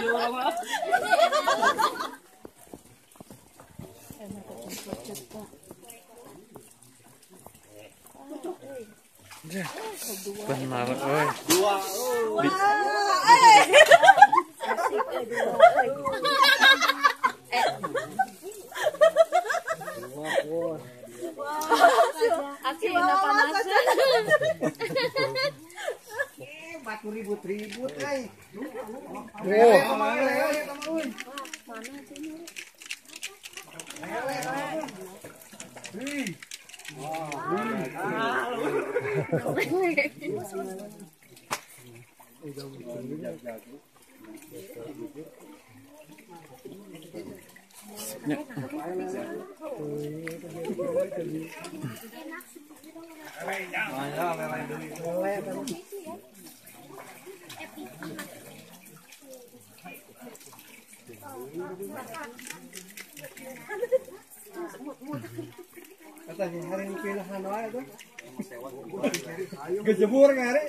Yo, benar oi. Dua. Batu ribut-ribut, Oh. Ya. Katanya hari ini pilihan apa itu? Gejebur ngare.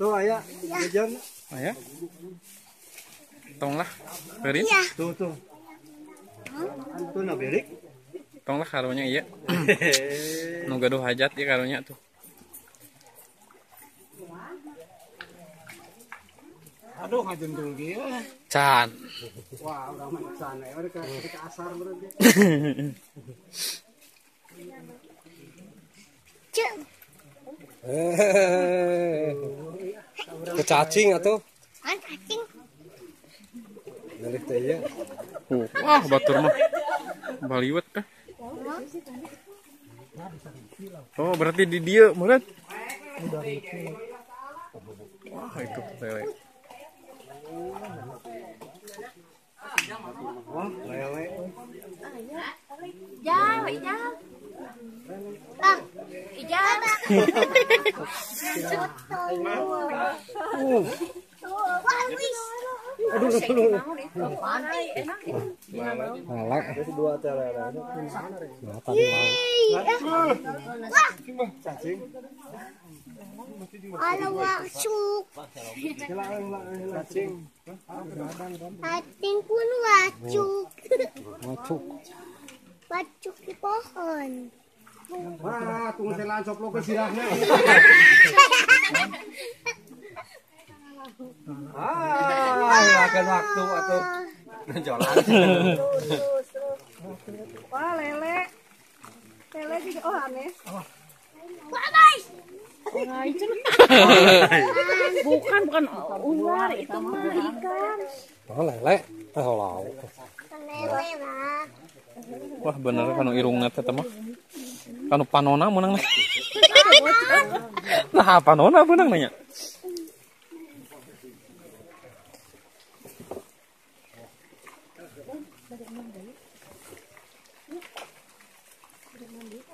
Tuh aya, ayah, tong lah, berin. Iya. Tuh tuh. Tuh na tong lah karunya iya. Nu gaduh hajat ya karunya tuh. Aduh, ngajun dia. Can. Wah, udah main ya, mereka mereka asar berarti. Cek. Ke cacing atau? Kan cacing. Nalih teh ya. Wah, batur mah. Baliwet Oh, berarti di dia, mulut. Wah, itu lele. Lewe. a h n Malak. Dua telele. Nah, tadi mau. Cacing. Cacing. Cacing pun wacuk. Wacuk. Wacuk di pohon. Wah, tunggu saya lancop lo ke sirahnya. Ah makan waktu atau jalan. Wah, lele. Lele juga oh aneh. Guys. bukan bukan ular itu mah ikan. Oh lele, eh oh, lauk. Wah bener kan irungnya teh mah. Kan panona menang. Nah, panona menang nanya.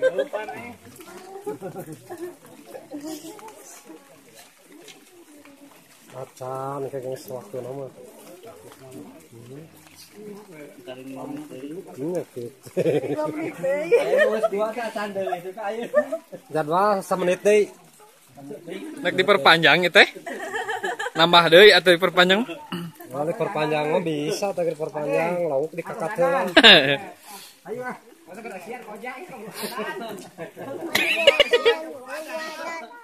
Kenupan nih. Acan kayak gini sewaktu nama. Iya, gitu. Jadwal semenit deh. Nek diperpanjang itu ya, teh. Nambah deh atau diperpanjang? Nah, diperpanjang bisa, tapi diperpanjang lauk di kakak Ayo Vamos a conocer, ya, hijo.